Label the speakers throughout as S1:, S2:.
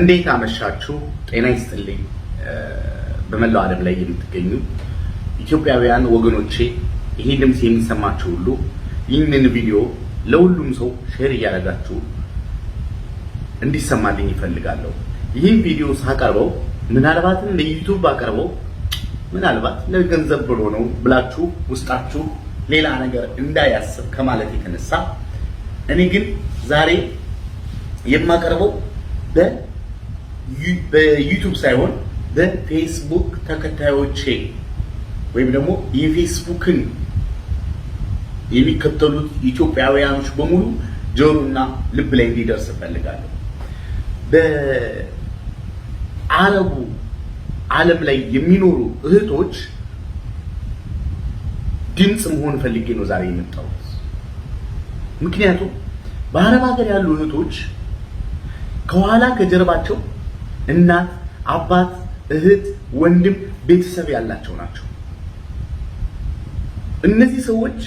S1: እንዴት አመሻችሁ። ጤና ይስጥልኝ። በመላው ዓለም ላይ የምትገኙ ኢትዮጵያውያን ወገኖቼ ይሄ ድምፅ የሚሰማችሁ ሁሉ ይህንን ቪዲዮ ለሁሉም ሰው ሼር እያደረጋችሁ እንዲሰማልኝ ይፈልጋለሁ። ይህን ቪዲዮ ሳቀርበው ምናልባትም ለዩቱብ አቀርበው ምናልባት ለገንዘብ ብሎ ነው ብላችሁ ውስጣችሁ ሌላ ነገር እንዳያስብ ከማለት የተነሳ እኔ ግን ዛሬ የማቀርበው በ በዩቱብ ሳይሆን በፌስቡክ ተከታዮቼ ወይም ደግሞ የፌስቡክን የሚከተሉት ኢትዮጵያውያኖች በሙሉ ጆሮና ልብ ላይ እንዲደርስ እፈልጋለሁ። በአረቡ ዓለም ላይ የሚኖሩ እህቶች ድምፅ መሆን ፈልጌ ነው ዛሬ የመጣሁት። ምክንያቱም በአረብ ሀገር ያሉ እህቶች ከኋላ ከጀርባቸው እናት፣ አባት፣ እህት፣ ወንድም፣ ቤተሰብ ያላቸው ናቸው። እነዚህ ሰዎች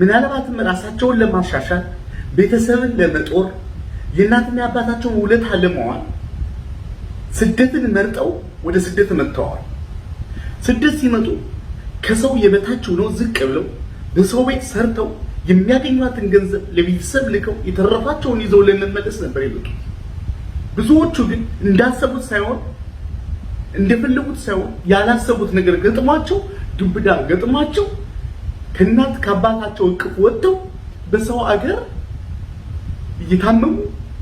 S1: ምናልባትም ራሳቸውን ለማሻሻል ቤተሰብን ለመጦር የእናትና የአባታቸውን ውለታ ለመዋል ስደትን መርጠው ወደ ስደት መጥተዋል። ስደት ሲመጡ ከሰው የበታች ሆነው ዝቅ ብለው በሰው ቤት ሰርተው የሚያገኟትን ገንዘብ ለቤተሰብ ልከው የተረፋቸውን ይዘው ለመመለስ ነበር የመጡት። ብዙዎቹ ግን እንዳሰቡት ሳይሆን እንደፈለጉት ሳይሆን ያላሰቡት ነገር ገጥሟቸው ዱብዳ ገጥሟቸው ከእናት ከአባታቸው እቅፍ ወጥተው በሰው አገር እየታመሙ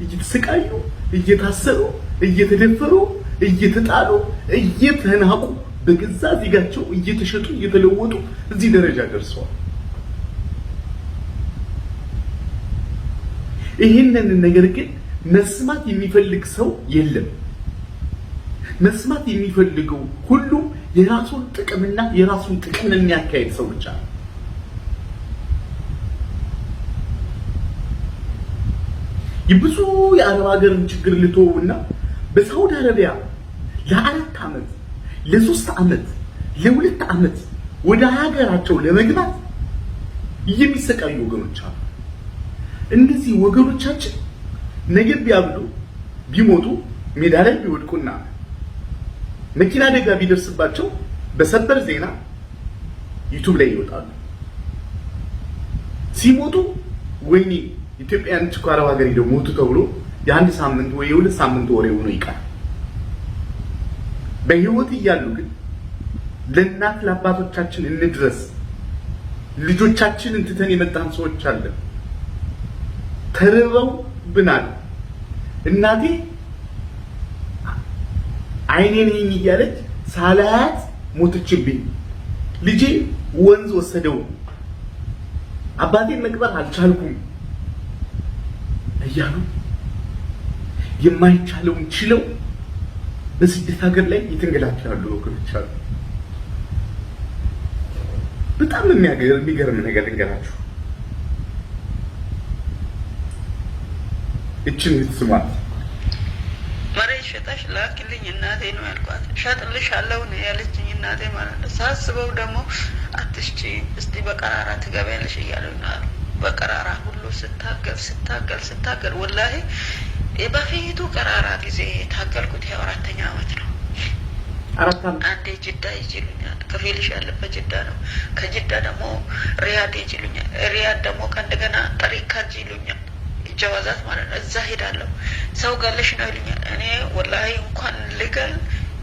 S1: እየተሰቃዩ እየታሰሩ እየተደፈሩ እየተጣሉ እየተናቁ በገዛ ዜጋቸው እየተሸጡ እየተለወጡ እዚህ ደረጃ ደርሰዋል። ይህንን ነገር ግን መስማት የሚፈልግ ሰው የለም። መስማት የሚፈልገው ሁሉ የራሱን ጥቅምና የራሱን ጥቅም የሚያካሄድ ሰው ብቻ ነው። የብዙ የአረብ ሀገርን ችግር ልትወውና በሳውዲ አረቢያ ለአራት ዓመት ለሶስት ዓመት ለሁለት ዓመት ወደ ሀገራቸው ለመግባት የሚሰቃዩ ወገኖች አሉ። እነዚህ ወገኖቻችን ነገ ቢያብሉ ቢሞቱ ሜዳ ላይ ቢወድቁና መኪና አደጋ ቢደርስባቸው በሰበር ዜና ዩቱብ ላይ ይወጣሉ። ሲሞቱ ወይኔ ኢትዮጵያን ችኳራው ሀገር ሄደው ሞቱ ተብሎ የአንድ ሳምንት ወይ የሁለት ሳምንት ወሬ ሆኖ ይቃል በህይወት እያሉ ግን ለእናት ለአባቶቻችን እንድረስ ልጆቻችን ትተን የመጣን ሰዎች አለን ተርበው ብናል እናቴ አይኔን ይኝ እያለች ሳላያት ሞተችብኝ። ልጄ ወንዝ ወሰደው። አባቴን መቅበር አልቻልኩም እያሉ የማይቻለውን ችለው በስደት ሀገር ላይ የተንገላታሉ ወገኖች አሉ። በጣም የሚገርም ነገር ልንገራችሁ። እችን ስማት
S2: መሬት ሸጠሽ ላክልኝ እናቴ ነው ያልኳት። ሸጥልሽ አለው ነው ያለችኝ እናቴ ማለት ነው። ሳስበው ደግሞ አትሽጪ፣ እስቲ በቀራራ ትገቢያለሽ እያሉ ናሉ። በቀራራ ሁሉ ስታገል ስታገል ስታገል ወላሂ በፊቱ ቀራራ ጊዜ የታገልኩት የአራተኛ አመት ነው። አንዴ ጅዳ ይችሉኛል፣ ከፊልሽ ያለበት ጅዳ ነው። ከጅዳ ደግሞ ሪያድ ይችሉኛል። ሪያድ ደግሞ ከእንደገና ጠሪካ ይችሉኛል ጀዋዛት ማለት ነው። እዛ ሄዳለሁ ሰው ገለሽ ነው ይሉኛል። እኔ ወላሂ እንኳን ልገል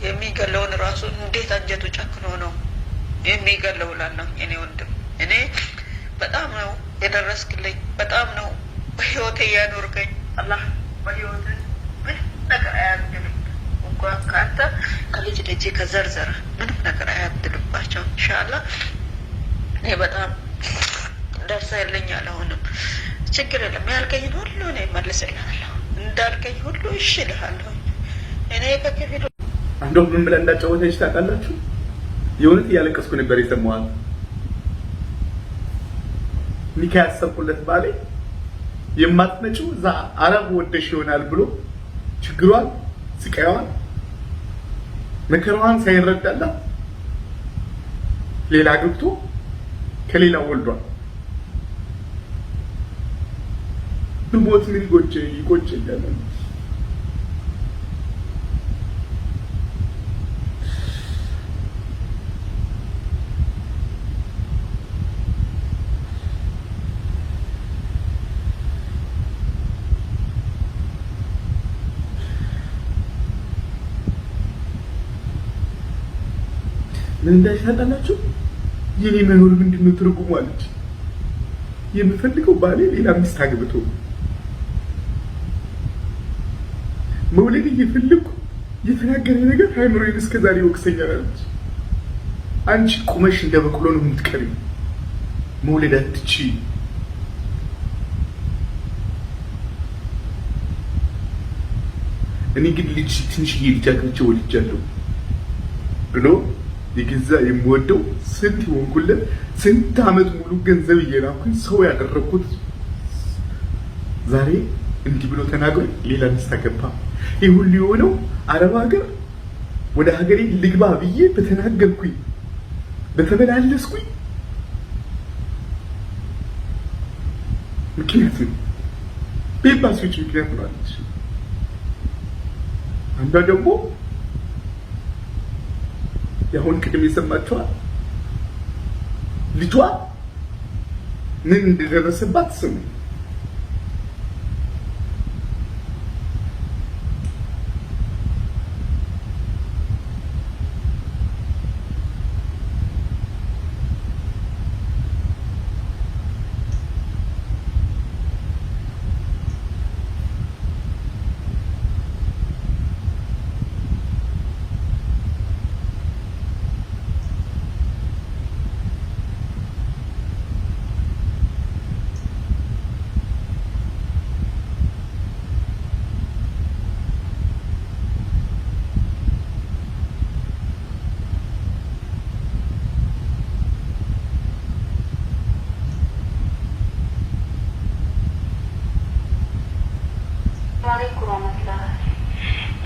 S2: የሚገለውን ራሱ እንዴት አንጀቱ ጨክኖ ነው የሚገለው ላለሁ እኔ ወንድም እኔ በጣም ነው የደረስክልኝ፣ በጣም ነው በህይወቴ እያኖርገኝ አላህ በህይወት ምን ነገር አያድልም። እንኳን ከአንተ ከልጅ ልጅ ከዘርዘር ምንም ነገር አያድልባቸው እንሻላ እኔ በጣም የለኛል አሁንም ችግር የለም። ያልከኝን ሁሉ እኔ መልስልሃለሁ፣ እንዳልከኝ ሁሉ እሺ እልሃለሁ። እኔ በከፊሉ
S1: እንደው ምን ብላ እንዳጫወተች ታውቃላችሁ? የእውነት እያለቀስኩ ነበር የሰማዋል። ኒካ ያሰብኩለት ባሌ የማትመጪው እዛ አረብ ወደሽ ይሆናል ብሎ ችግሯን፣ ስቃይዋን፣ መከራዋን ሳይረዳላት ሌላ ገብቶ ከሌላ ወልዷል። ብሞት ምን ይጎጭ ይቆጨኛል? ምን እንዳይሻጣላችሁ የኔ መኖር ምንድነው ትርጉሙ አለች። የምፈልገው ባሌ ሌላ ሚስት አግብቶ መውለድ እየፈለኩ የተናገረ ነገር ሃይምሮዬን እስከዛሬ ወቅሰኛል አለች። አንቺ ቁመሽ እንደ በቅሎ ነው የምትቀሪ፣ መውለድ አትች። እኔ ግን ልጅ ትንሽዬ ልጅ አግኝቼ ወልጃለሁ ብሎ የገዛ የምወደው ስንት ይሆንኩለት ስንት ዓመት ሙሉ ገንዘብ እየላኩኝ ሰው ያደረኩት ዛሬ እንዲህ ብሎ ተናግሮ ሌላ ደስታ አገባ። ይህ ሁሉ የሆነው አረብ ሀገር ወደ ሀገሬ ልግባ ብዬ በተናገርኩኝ በተመላለስኩኝ ምክንያት ነው። በኤምባሲዎች ምክንያት ነው አለች። አንዷ ደግሞ የአሁን ቅድም የሰማችኋል ልጇ ምን እንደደረሰባት ስሙ።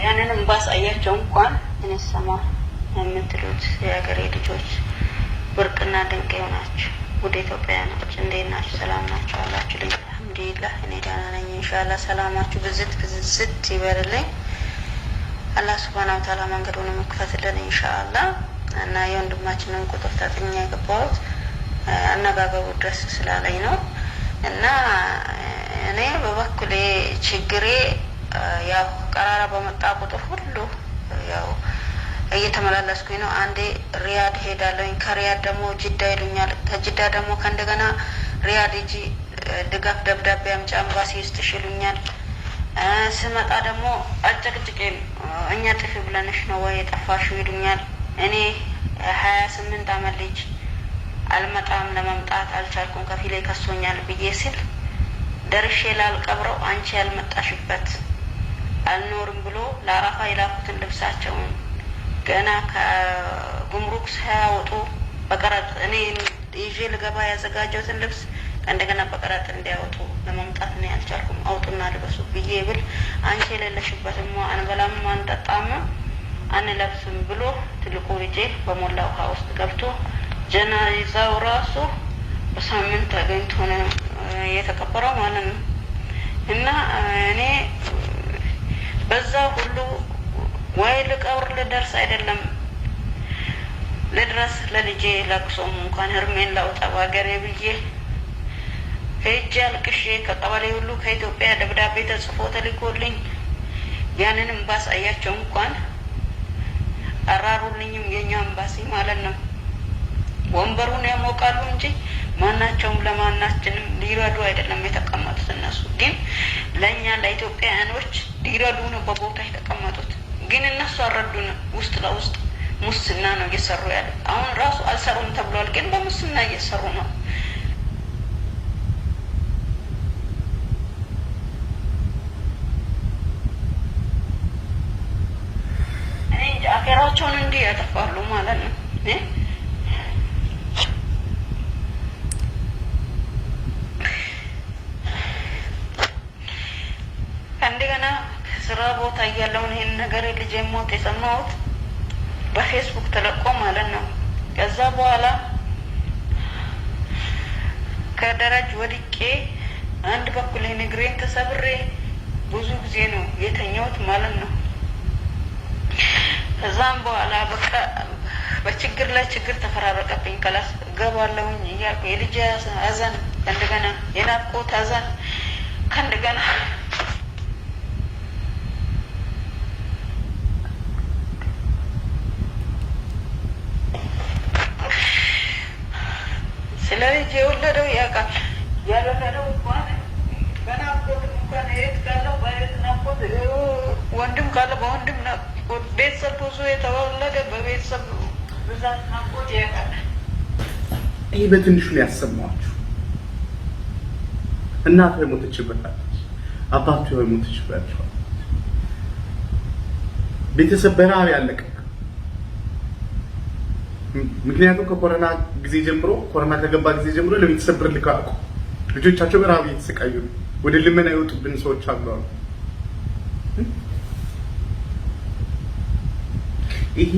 S2: ያንንም ባሳያቸው እንኳን እንሰማ የምትሉት የሀገሬ ልጆች ብርቅና ድንቅ ናችሁ። ወደ ኢትዮጵያ ናች እንዴት ናችሁ? ሰላም ናቸው አላችሁ ልኝ አልሐምዱሊላህ እኔ ደህና ነኝ። እንሻላ ሰላማችሁ ብዝት ብዝት ይበልልኝ። አላህ ሱብሃነ ወተዓላ መንገዱን መክፈትልን እንሻአላ እና የወንድማችንን ቁጥር ታጥኛ የገባሁት አነጋገቡ ድረስ ስላለኝ ነው እና እኔ በበኩሌ ችግሬ ያው ቀራራ በመጣ ቁጥር ሁሉ ያው እየተመላለስኩኝ ነው። አንዴ ሪያድ ሄዳለሁኝ፣ ከሪያድ ደግሞ ጅዳ ይሉኛል፣ ከጅዳ ደግሞ ከእንደገና ሪያድ እጂ ድጋፍ ደብዳቤ አምጪ አምባሲ ውስጥ ይሽሉኛል። ስመጣ ደግሞ አጨቅጭቄን እኛ ጥፊ ብለንሽ ነው ወይ የጠፋሽው ይሉኛል። እኔ ሀያ ስምንት አመት ልጅ አልመጣም ለመምጣት አልቻልኩም ከፊሌ ከሶኛል ብዬ ስል ደርሼ ላልቀብረው አንቺ ያልመጣሽበት አልኖርም ብሎ ለአረፋ የላኩትን ልብሳቸውን ገና ከጉምሩክ ሳያወጡ በቀረጥ እኔ ይዤ ልገባ ያዘጋጀሁትን ልብስ እንደገና በቀረጥ እንዲያወጡ ለመምጣት ነው ያልቻልኩም። አውጡና ልበሱ ብዬ ብል አንቺ የሌለሽበትማ አንበላም፣ አንጠጣም፣ አንለብስም ብሎ ትልቁ ልጄ በሞላ ውሃ ውስጥ ገብቶ ጀናይዛው ራሱ በሳምንት አገኝቶ ነው የተቀበረው ማለት ነው። እና እኔ በዛ ሁሉ ወይ ልቀብር ልደርስ አይደለም ልድረስ ለልጄ ለቅሶም እንኳን እርሜን ላውጣ በሀገሬ ብዬ ከእጅ አልቅሼ ከቀበሌ ሁሉ ከኢትዮጵያ ደብዳቤ ተጽፎ ተልኮልኝ ያንን ባሳያቸው እንኳን አራሩልኝም የኛ እምባሲ ማለት ነው። ወንበሩን ያሞቃሉ እንጂ ማናቸውም ለማናችንም ሊረዱ አይደለም የተቀመጡት። እነሱ ግን ለእኛ ለኢትዮጵያውያኖች ሊረዱ ነው በቦታ የተቀመጡት። ግን እነሱ አልረዱንም። ውስጥ ለውስጥ ሙስና ነው እየሰሩ ያለ። አሁን ራሱ አልሰሩም ተብሏል፣ ግን በሙስና እየሰሩ ነው። እኔ እንዲህ ያጠፋሉ ማለት ነው። ላይ ያለውን ይህን ነገር ልጅ ሞት የሰማሁት በፌስቡክ ተለቆ ማለት ነው። ከዛ በኋላ ከደረጅ ወድቄ አንድ በኩል እግሬን ተሰብሬ ብዙ ጊዜ ነው የተኛሁት ማለት ነው። ከዛም በኋላ በቃ በችግር ላይ ችግር ተፈራረቀብኝ። ከላስ ገባለሁኝ እያልኩ የልጅ ሐዘን ከእንደገና የናፍቆት ሐዘን ከእንደገና ለልጅ የወለደው ያውቃል። ያልወለደው እንኳን በናፍቆት እንኳን እህት ካለው በእህት ናፍቆት፣ ወንድም ካለ በወንድም ናፍቆት፣ ቤተሰብ ብዙ የተወለደ በቤተሰብ ብዛት ናፍቆት ያውቃል።
S1: ይህ በትንሹ ያሰማችሁ። እናት ሞተችበታለች፣ አባቱ ሞተችባቸዋል። ቤተሰብ በረሃብ ያለቀ ምክንያቱም ከኮሮና ጊዜ ጀምሮ ኮሮና ከገባ ጊዜ ጀምሮ ለቤተሰብ ብር ልካቁ ልጆቻቸው በረሃብ እየተሰቃዩ ነው። ወደ ልመና የወጡብን ሰዎች አሉ። ይሄ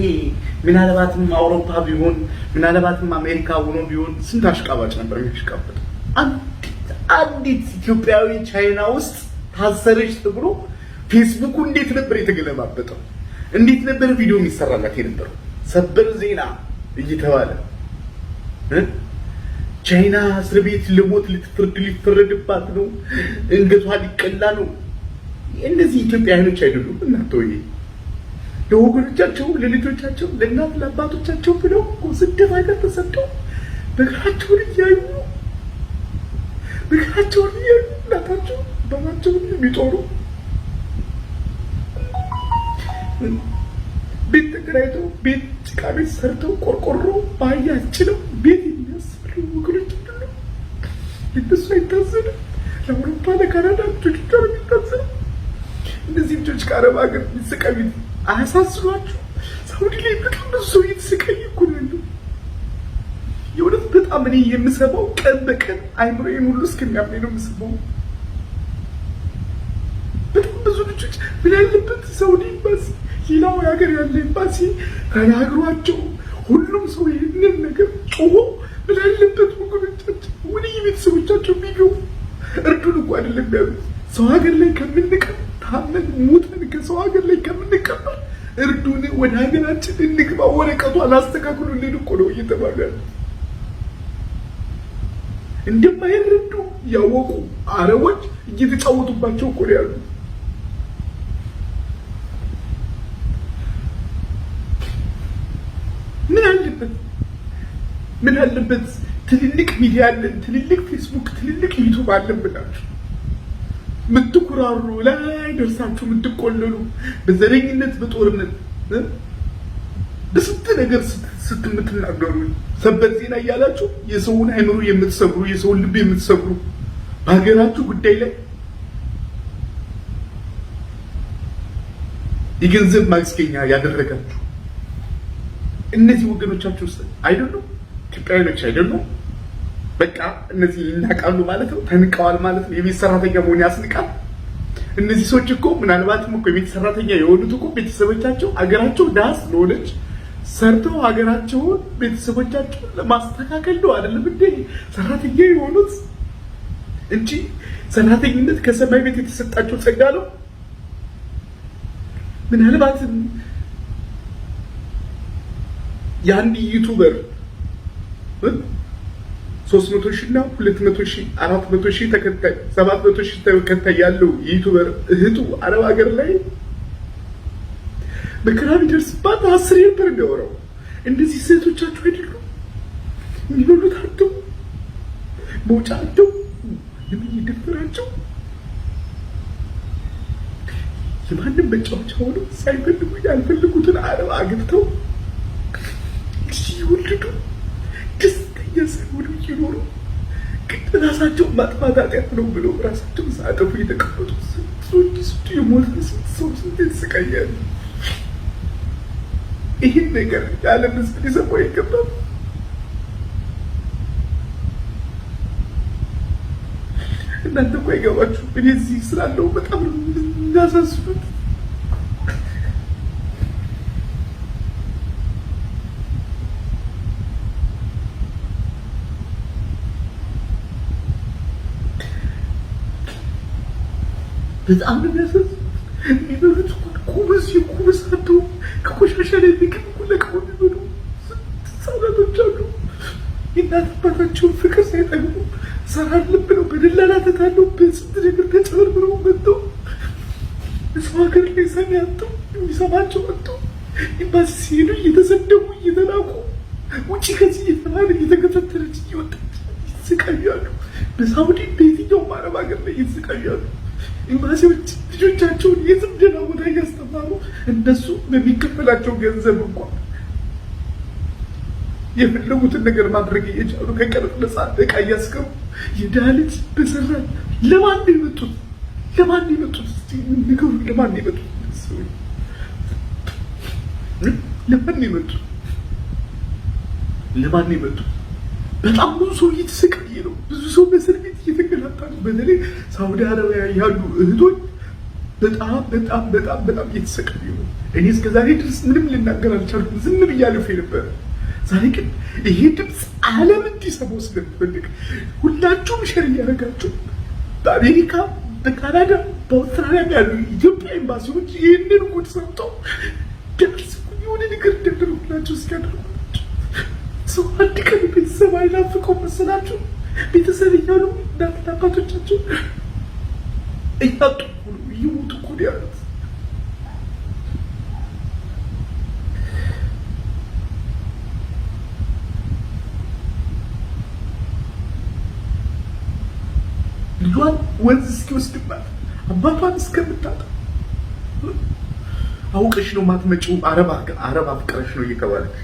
S1: ምናልባትም አውሮፓ ቢሆን ምናልባትም አሜሪካ ሆኖ ቢሆን ስንት አሽቃባጭ ነበር የሚያሽቃበጥ። አንዲት ኢትዮጵያዊ ቻይና ውስጥ ታሰረች ተብሎ ፌስቡኩ እንዴት ነበር የተገለባበጠው? እንዴት ነበር ቪዲዮ የሚሰራላት የነበረው? ሰበር ዜና እየተባለ ቻይና እስር ቤት ለሞት ልትፍርድ ሊፈረድባት ነው፣ እንገቷ ሊቀላ ነው። እነዚህ ኢትዮጵያውያኖች አይደሉም። እናንተ ወይ ለወገኖቻቸው፣ ለልጆቻቸው፣ ለእናት ለአባቶቻቸው ብለው ስደት ሀገር ተሰደው በእግራቸውን እያዩ በእግራቸውን እያዩ እናታቸው በማቸውን የሚጦሩ ቤት ተከራይተው ቤት ቤት ሰርተው ቆርቆሮ ባያችለው ቤት የሚያስፈሩ ወገኖች ሁሉ እነሱ አይታዘንም። ለአውሮፓ ለካናዳ ልጆች ብቻ ነው የሚታዘኑ። እነዚህ ልጆች ከአረብ ሀገር የሚሰቃዩ አያሳስሏችሁ? ሳውዲ ላይ በጣም ብዙ ሰው እየተሰቃየ እኮ ነው ያለው። የእውነት በጣም እኔ የምሰማው ቀን በቀን አይምሮዬን ሁሉ እስከሚያምነኝ ነው የምሰማው። በጣም ብዙ ልጆች ምን ያለበት ሳውዲ ኤምባሲ፣ ሌላው ሀገር ያለ ኤምባሲ ተናግሯቸው ሁሉም ሰው ይህንን ነገር ጮሆ ምን አለበት ወገኖቻችን፣ ወደ የቤተሰቦቻቸው ቢገቡ እርዱን እኮ አይደለም ያሉት። ሰው ሀገር ላይ ከምንቀር ታመን ሙተን ከሰው ሀገር ላይ ከምንቀበር እርዱን፣ ወደ ሀገራችን እንግባ፣ ወረቀቱ እኮ ነው እንደማይረዱ ያወቁ አረቦች እየተጫወቱባቸው እኮ ነው ያሉት። ምን አለበት ትልልቅ ሚዲያ አለን፣ ትልልቅ ፌስቡክ፣ ትልልቅ ዩቱብ አለን ብላችሁ የምትኩራሩ ላይ ደርሳችሁ ምትቆለሉ በዘረኝነት በጦርነት በስንት ነገር ስት የምትናገሩ ሰበር ዜና እያላችሁ የሰውን አይምሮ የምትሰብሩ የሰውን ልብ የምትሰብሩ በሀገራችሁ ጉዳይ ላይ የገንዘብ ማግስገኛ ያደረጋችሁ እነዚህ ወገኖቻችሁ ውስጥ አይደሉም። ኢትዮጵያዊኖች አይደሉም። በቃ እነዚህ ይናቃሉ ማለት ነው፣ ተንቀዋል ማለት ነው። የቤት ሰራተኛ መሆን ያስንቃል። እነዚህ ሰዎች እኮ ምናልባትም እኮ የቤት ሰራተኛ የሆኑት እኮ ቤተሰቦቻቸው አገራቸው ዳስ ለሆነች ሰርተው ሀገራቸውን ቤተሰቦቻቸውን ለማስተካከል ነው አይደለም እንዴ ሰራተኛ የሆኑት እንጂ ሰራተኝነት ከሰማይ ቤት የተሰጣቸው ጸጋ ነው። ምናልባትም የአንድ ዩቱበር ሶስት መቶ ሺህ እና ሁለት መቶ ሺህ አራት መቶ ሺህ ተከታይ ሰባት መቶ ሺህ ተከታይ ያለው የዩቱበር እህቱ አረብ ሀገር ላይ መከራ ቢደርስባት አስር ነበር የሚያወራው። እንደዚህ ስህቶቻችሁ አይደሉም የሚበሉት አጥተው መውጫ አጥተው ለምን ይደፈራቸው? የማንም መጫወቻ ሆነው ሳይፈልጉ ያልፈልጉትን አረብ አግብተው ራሳቸው ማጥፋት ኃጢአት ነው ብለው ራሳቸው ሳጠፉ የተቀመጡ ስንቶች ስንቱ የሞተ ስንት ሰው ስንት የተሰቃያሉ። ይህን ነገር የዓለም ሕዝብ ሊሰማ አይገባም። እናንተ እኮ አይገባችሁ። እኔ እዚህ ስላለው በጣም እንዳሳስበት በጣም ነው የሚያሳዝን። የሚበሉት ኩብስ የኩብስ አቶ ከቆሻሻ ላይ የሚቀምቁ ለቀው የሚበሉ ህጻናቶች አሉ። የእናት አባታቸውን ፍቅር ሳይጠግቡ ሰራ ልብ ነው በደላላ ተታለው በስንት ነገር ተጨበርብረው መጥተው እሰው ሀገር ላይ ሰሚ አጥተው የሚሰማቸው አጥተው ኤምባሲ ሲሄዱ እየተሰደቡ እየተላኩ ውጭ ከዚህ እየተባለ እየተገፈተረች እየወጣች ይሰቃዩ ያሉ። በሳውዲ በየትኛውም አረብ ሀገር ላይ እየተሰቃዩ ያሉ ኤምባሲዎች ልጆቻቸውን የዝምድና ቦታ እያስተማሩ እነሱ በሚከፈላቸው ገንዘብ እንኳን የፈለጉትን ነገር ማድረግ እየቻሉ ከቀረጥ ነፃ እያስገቡ በሰራ ለማን የመጡት ለማን የመጡት ንገሩ፣ ለማን የመጡት ለማን የመጡት ለማን የመጡት? በጣም ብዙ ሰው እየተሰቃየ ነው። ብዙ ሰው በተለይ ሳውዲ አረቢያ ያሉ እህቶች በጣም በጣም በጣም በጣም እየተሰቃዩ ነው። እኔ እስከ ዛሬ ድረስ ምንም ልናገር አልቻልኩም፣ ዝም ብያለሁ የነበረ። ዛሬ ግን ይሄ ድምፅ ዓለም እንዲሰማው ስለምፈልግ ሁላችሁም ሸር እያደረጋችሁ በአሜሪካ፣ በካናዳ፣ በአውስትራሊያ ያሉ ኢትዮጵያ ኤምባሲዎች ይህንን ጉድ ሰምተው ቢያንስ የሆነ ነገር እንዲያደርጉላቸው እስኪያደርጉላቸው ሰው አንድ ቀን ቤተሰብ አይናፍቀው መሰላችሁ? ቤተሰብ እያሉ እናት አባቶቻቸው እያጡ ነው እየሞቱ እኮ ነው ያሉት። ልጇን ወንዝ እስኪወስድባት አባቷን እስከምታጣ አውቀሽ ነው ማትመጪው፣ አረብ አረብ አፍቅረሽ ነው እየተባለች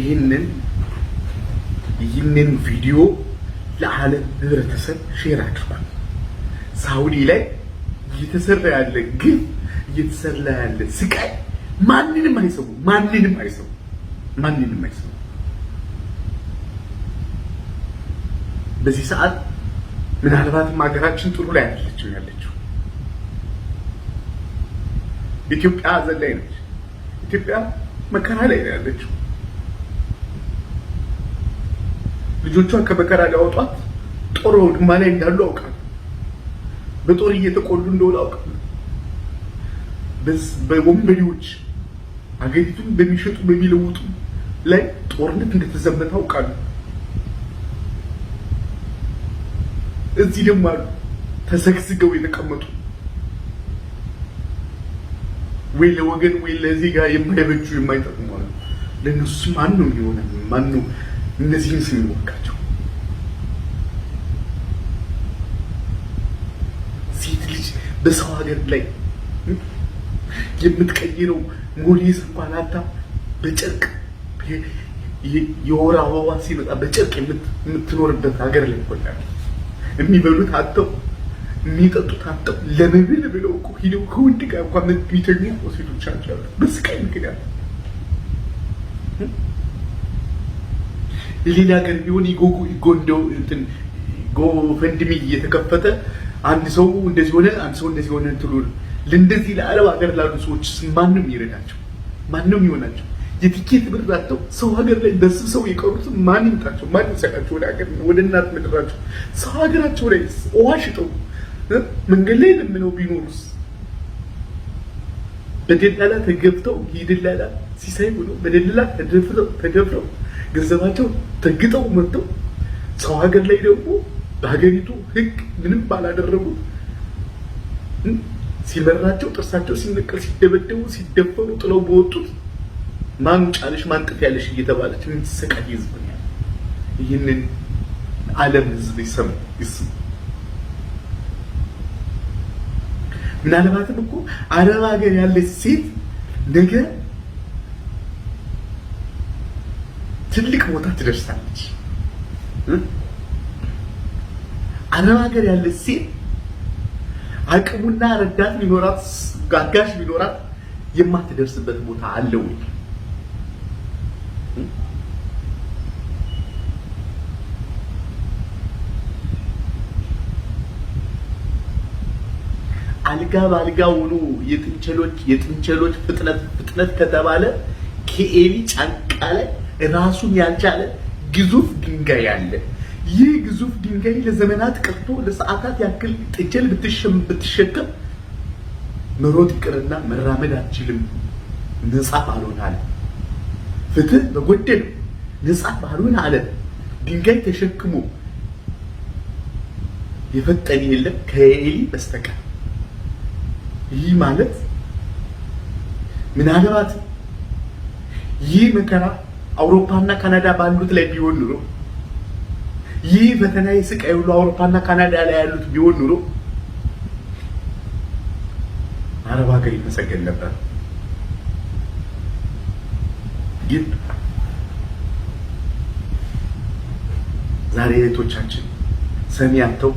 S1: ይህንን ይህንን ቪዲዮ ለዓለም ህብረተሰብ ሼር አድርጓል። ሳውዲ ላይ እየተሰራ ያለ ግን እየተሰራ ያለ ስቃይ ማንንም አይሰሙ፣ ማንንም አይሰሙ፣ ማንንም አይሰሙ። በዚህ ሰዓት ምናልባትም ሀገራችን ጥሩ ላይ አይደለችም ያለችው። ኢትዮጵያ ሀዘን ላይ ነች። ኢትዮጵያ መከራ ላይ ነው ያለችው። ልጆቿን ከመከራ ሊያወጧት ጦር ወድማ ላይ እንዳሉ አውቃለሁ። በጦር እየተቆሉ እንደሆነ አውቃለሁ። በወንበዴዎች አገሪቱን በሚሸጡ በሚለውጡ ላይ ጦርነት እንደተዘመተ አውቃለሁ። እዚህ ደግሞ አሉ ተሰግስገው የተቀመጡ ወይ ለወገን ወይ ለዜጋ የማይበጁ የማይጠቅሙ አሉ። ለእነሱ ማን ነው የሚሆነ? ማን ነው እነዚህን ስም ይወካል? በሰው ሀገር ላይ የምትቀይረው ሞዴስ እንኳን አታ በጨርቅ የወር አበባ ሲመጣ በጨርቅ የምትኖርበት ሀገር ላይ ሆና የሚበሉት አጥተው የሚጠጡት አጥተው ለመብል ብለው እኮ ሂደው ከወንድ ጋር እንኳን የሚተኙ ሴቶች አሉ። በስቃይ ምክንያት ሌላ ሀገር ቢሆን ይጎጉ ይጎንደው እንትን ጎፈንድሚ እየተከፈተ አንድ ሰው እንደዚህ ሆነ፣ አንድ ሰው እንደዚህ ሆነ ትሉ ለእንደዚህ ለዓለም ሀገር ላሉ ሰዎች ማንም ይረዳቸው፣ ማንም ይሆናቸው። የትኬት ብር አጥተው ሰው ሀገር ላይ በስብ ሰው የቀሩት ማን ይምጣቸው? ማን ይሰጣቸው? ወደ ሀገር ወደ እናት ምድራቸው ሰው ሀገራቸው ላይ ውሃ ሽጠው መንገድ ላይ ለምነው ቢኖሩስ በደላላ ተገብተው የደላላ ሲሳይ ሆኖ በደላላ ተደፍረው ተደፍረው ገንዘባቸው ተግጠው መጥተው ሰው ሀገር ላይ ደግሞ በሀገሪቱ ህግ ምንም ባላደረጉት ሲበራቸው ጥርሳቸው ሲነቀል ሲደበደቡ ሲደፈሩ ጥለው በወጡት ማን ጫለሽ ማን ጥፍ ያለሽ እየተባለች የምትሰቃይ ህዝብ ነው። ይህንን ዓለም ህዝብ ይሰሙ ይስሙ። ምናልባትም እኮ አረብ ሀገር ያለች ሴት ነገ ትልቅ ቦታ ትደርሳለች። አረብ ሀገር ያለች ሴት አቅሙና ረዳት ቢኖራት ጋጋሽ ቢኖራት የማትደርስበት ቦታ አለ ወይ? አልጋ በአልጋ ውሉ የጥንቸሎች የጥንቸሎች ፍጥነት ፍጥነት ከተባለ ከኤሊ ጫንቃ ላይ ራሱን ያልቻለ ግዙፍ ድንጋይ አለ። ይህ ግዙፍ ድንጋይ ለዘመናት ቀርቶ ለሰዓታት ያክል ጥጀል ብትሸከም መሮጥ ይቅርና መራመድ አትችልም። ነፃ ባልሆነ አለ። ፍትህ በጎደል ነፃ ባልሆነ አለ ድንጋይ ተሸክሞ የፈጠነ የለም ከኤሊ በስተቀር። ይህ ማለት ምናልባት ይህ መከራ አውሮፓና ካናዳ ባሉት ላይ ቢሆን ኑሮ ይህ ፈተና ስቃይ ሁሉ አውሮፓና ካናዳ ላይ ያሉት ቢሆን ኑሮ አረብ ሀገር ይመሰገን ነበር። ግን ዛሬ እህቶቻችን ሰሚ አጥተው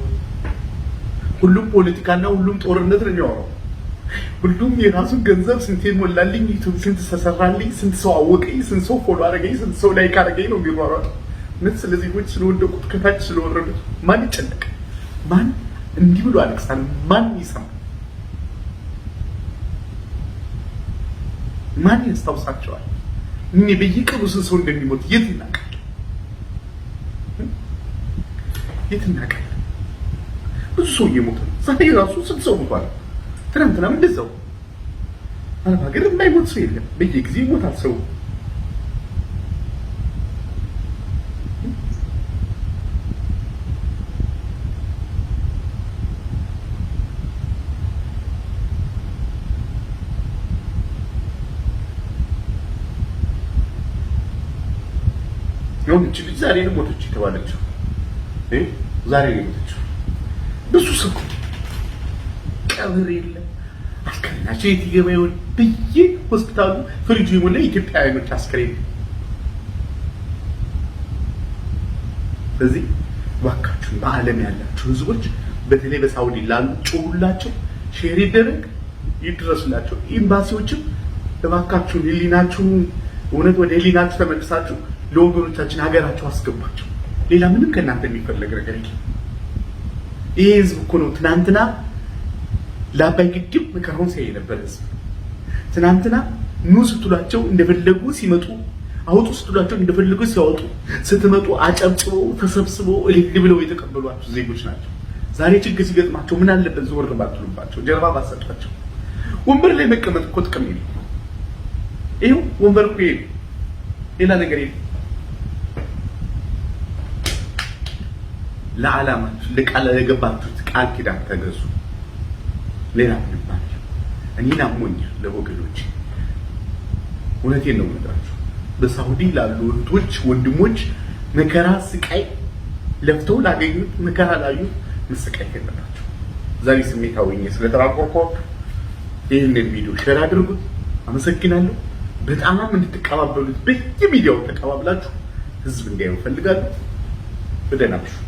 S1: ሁሉም ፖለቲካና ሁሉም ጦርነት ነው የሚያወራው። ሁሉም የራሱን ገንዘብ ስንት ሞላልኝ፣ ስንት ተሰራልኝ፣ ስንት ሰው አወቀኝ፣ ስንት ሰው ፎሎ አረገኝ ስንት ሰው ላይክ አረገኝ ነው የሚሯሯጠው። ምን ስለ ዜጎች ስለወደቁት ከታች ስለወረዱት ማን ይጨነቅ? ማን እንዲህ ብሎ አለቅሳል? ማን ይሰማል? ማን ያስታውሳቸዋል? እኔ በየቀኑ ስንት ሰው እንደሚሞት የት እናቃል? የት እናቃል? ብዙ ሰው እየሞተ ነው። ዛሬ ራሱ ስንት ሰው ሞቷል? ትናንትናም እንደዛው። አረብ ሀገር የማይሞት ሰው የለም። በየጊዜ ይሞታል ሰው እንደውም እቺ ልጅ ዛሬ ነው ሞተች የተባለችው እ ዛሬ ነው ሞተችው። ብዙ ሰው ቀብር የለ አስከሬናቸው የት ይገባ ይሆን ብዬ ሆስፒታሉ ፍሪጁ የሞላ ኢትዮጵያውያኖች አስከሬን። ስለዚህ እባካችሁን በዓለም ያላችሁ ህዝቦች በተለይ በሳውዲ ላሉ ጩሁላቸው፣ ሼር ይደረግ፣ ይድረሱላቸው። ኤምባሲዎችም እባካችሁን ህሊናችሁን እውነት ወደ ህሊናችሁ ተመልሳችሁ ለወገኖቻችን ሀገራቸው አስገባቸው። ሌላ ምንም ከእናንተ የሚፈለግ ነገር የለም። ይሄ ህዝብ እኮ ነው ትናንትና ለአባይ ግድብ መከራውን ሲያይ የነበረ ህዝብ። ትናንትና ኑ ስትሏቸው እንደፈለጉ ሲመጡ፣ አውጡ ስትሏቸው እንደፈለጉ ሲያወጡ፣ ስትመጡ አጨብጭበው ተሰብስበው እልል ብለው የተቀበሏቸው ዜጎች ናቸው። ዛሬ ችግር ሲገጥማቸው ምን አለበት ዘወር ባትሉባቸው፣ ጀርባ ባሰጧቸው ወንበር ላይ መቀመጥ እኮ ጥቅም የለም። ይኸው ወንበር እኮ ሌላ ነገር የለም። ለዓላማችሁ ለቃል ለገባችሁት ቃል ኪዳን ተገዙ። ሌላ ምንም እኔን አሞኛል ለወገኖች፣ እውነቴን ነው የምነግራችሁ። በሳውዲ ላሉ እህቶች ወንድሞች፣ መከራ ስቃይ ለፍተው ላገኙት መከራ ላዩት መሰቃየት የለባቸው። ዛሬ ስሜታዊ ስለተራቆርቆር ይህንን ቪዲዮ ሼር አድርጉት። አመሰግናለሁ። በጣም እንድትቀባበሉት በየሚዲያው ተቀባብላችሁ ህዝብ እንዲያዩ ፈልጋለሁ። በደህና